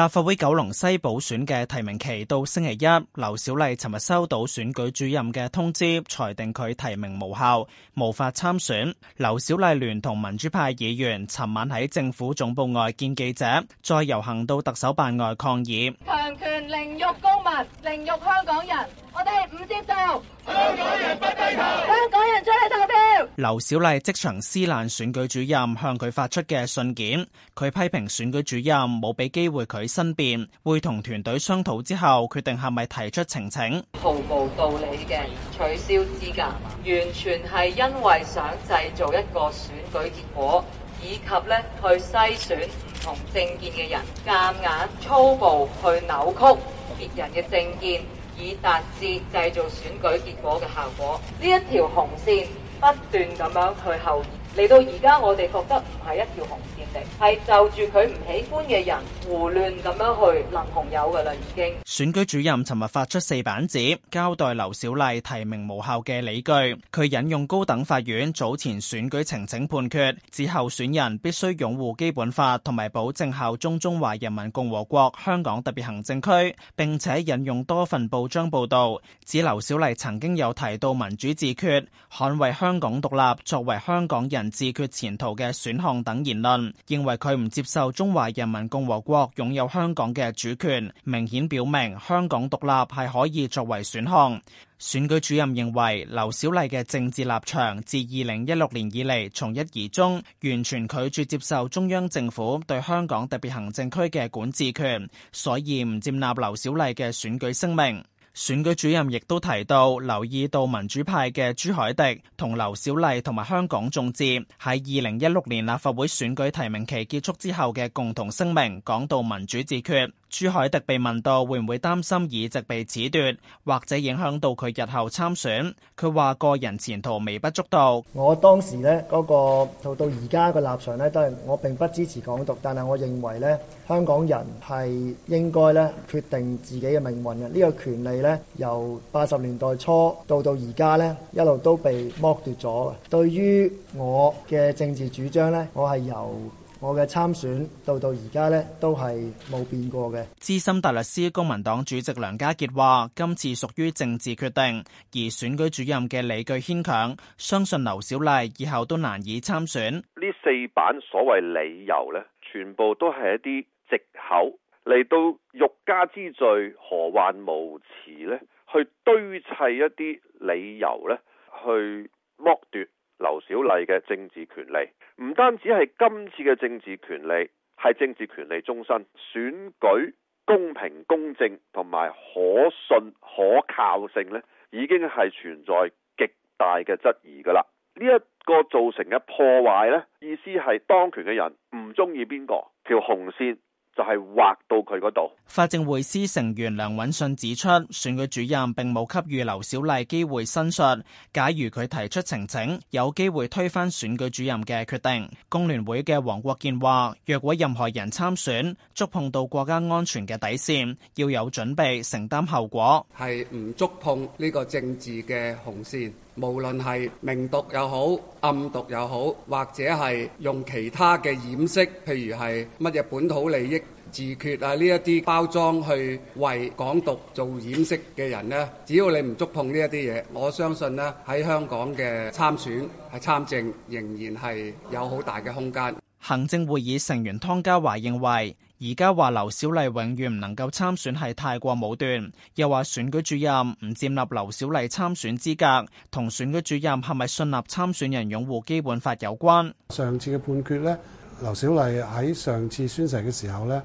立法會九龍西補選嘅提名期到星期一，劉小麗尋日收到選舉主任嘅通知，裁定佢提名無效，無法參選。劉小麗聯同民主派議員尋晚喺政府總部外見記者，再遊行到特首辦外抗議。強權凌辱公民，凌辱香港人，我哋五。劉小麗即場撕爛選舉主任向佢發出嘅信件，佢批評選舉主任冇俾機會佢申辯，會同團隊商討之後決定係咪提出呈請。毫無道理嘅取消資格，完全係因為想製造一個選舉結果，以及咧去篩選唔同政見嘅人，夾硬粗暴去扭曲別人嘅政見，以達至製造選舉結果嘅效果呢一條紅線。不斷咁樣去後悔。嚟到而家，我哋覺得唔係一條紅線嚟，係就住佢唔喜歡嘅人胡亂咁樣去能紅友噶啦，已經。選舉主任尋日發出四版紙交代劉小麗提名無效嘅理據，佢引用高等法院早前選舉呈請判決指候選人必須擁護基本法同埋保證效忠中、中華人民共和國香港特別行政區，並且引用多份報章報道指劉小麗曾經有提到民主自決捍衛香港獨立作為香港人。自決前途嘅選項等言論，認為佢唔接受中華人民共和國擁有香港嘅主權，明顯表明香港獨立係可以作為選項。選舉主任認為劉小麗嘅政治立場自二零一六年以嚟從一而終，完全拒絕接受中央政府對香港特別行政區嘅管治權，所以唔接納劉小麗嘅選舉聲明。選舉主任亦都提到，留意到民主派嘅朱凱廸同劉小麗同埋香港眾志喺二零一六年立法會選舉提名期結束之後嘅共同聲明，講到民主自決。朱凱廸被問到會唔會擔心議席被褫奪，或者影響到佢日後參選，佢話個人前途微不足道。我當時呢嗰個到到而家嘅立場呢，都係我並不支持港獨，但係我認為呢，香港人係應該呢決定自己嘅命運嘅呢個權利呢，由八十年代初到到而家呢，一路都被剝奪咗。對於我嘅政治主張呢，我係由我嘅參選到到而家咧，都係冇變過嘅。資深大律師公民黨主席梁家傑話：今次屬於政治決定，而選舉主任嘅理據牽強，相信劉小麗以後都難以參選。呢四版所謂理由咧，全部都係一啲藉口嚟到欲加之罪，何患無辭咧？去堆砌一啲理由咧，去剝奪劉小麗嘅政治權利。唔單止係今次嘅政治權利，係政治權利終身，選舉公平公正同埋可信可靠性呢，已經係存在極大嘅質疑㗎啦。呢、這、一個造成嘅破壞呢，意思係當權嘅人唔中意邊個條紅線，就係劃到佢嗰度。法政匯思成員梁允信指出，選舉主任並冇給予劉小麗機會申述。假如佢提出澄清，有機會推翻選舉主任嘅決定。工聯會嘅黃國健話若果任何人參選觸碰到國家安全嘅底線，要有準備承擔後果。係唔觸碰呢個政治嘅紅線，無論係明獨又好、暗獨又好，或者係用其他嘅掩飾，譬如係乜嘢本土利益。自決啊！呢一啲包裝去為港獨做掩飾嘅人咧，只要你唔觸碰呢一啲嘢，我相信咧喺香港嘅參選係參政，仍然係有好大嘅空間。行政會議成員湯家驊認為，而家話劉小麗永遠唔能夠參選係太過武斷，又話選舉主任唔佔立劉小麗參選資格，同選舉主任係咪信納參選人擁護基本法有關？上次嘅判決呢。劉小麗喺上次宣誓嘅時候咧，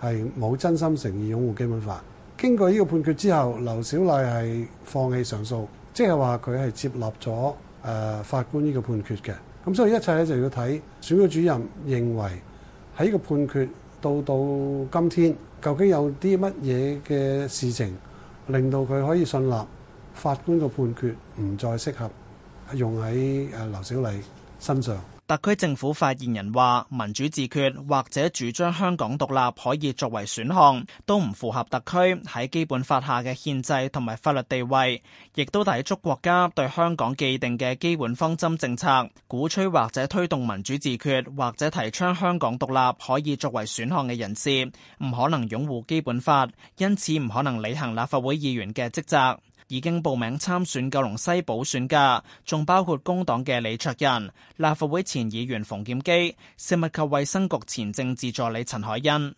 係冇真心誠意擁護基本法。經過呢個判決之後，劉小麗係放棄上訴，即係話，佢係接納咗法官呢個判決嘅。咁所以一切咧就要睇選舉主任認為，喺個判決到到今天，究竟有啲乜嘢嘅事情令到佢可以信納法官個判決唔再適合用喺劉小麗身上。特區政府發言人話：民主自決或者主張香港獨立可以作為選項，都唔符合特區喺基本法下嘅憲制同埋法律地位，亦都抵觸國家對香港既定嘅基本方針政策。鼓吹或者推動民主自決或者提倡香港獨立可以作為選項嘅人士，唔可能擁護基本法，因此唔可能履行立法會議員嘅職責。已經報名參選九龍西補選嘅，仲包括工黨嘅李卓人、立法會前議員馮檢基、食物及衛生局前政治助理陳凱欣。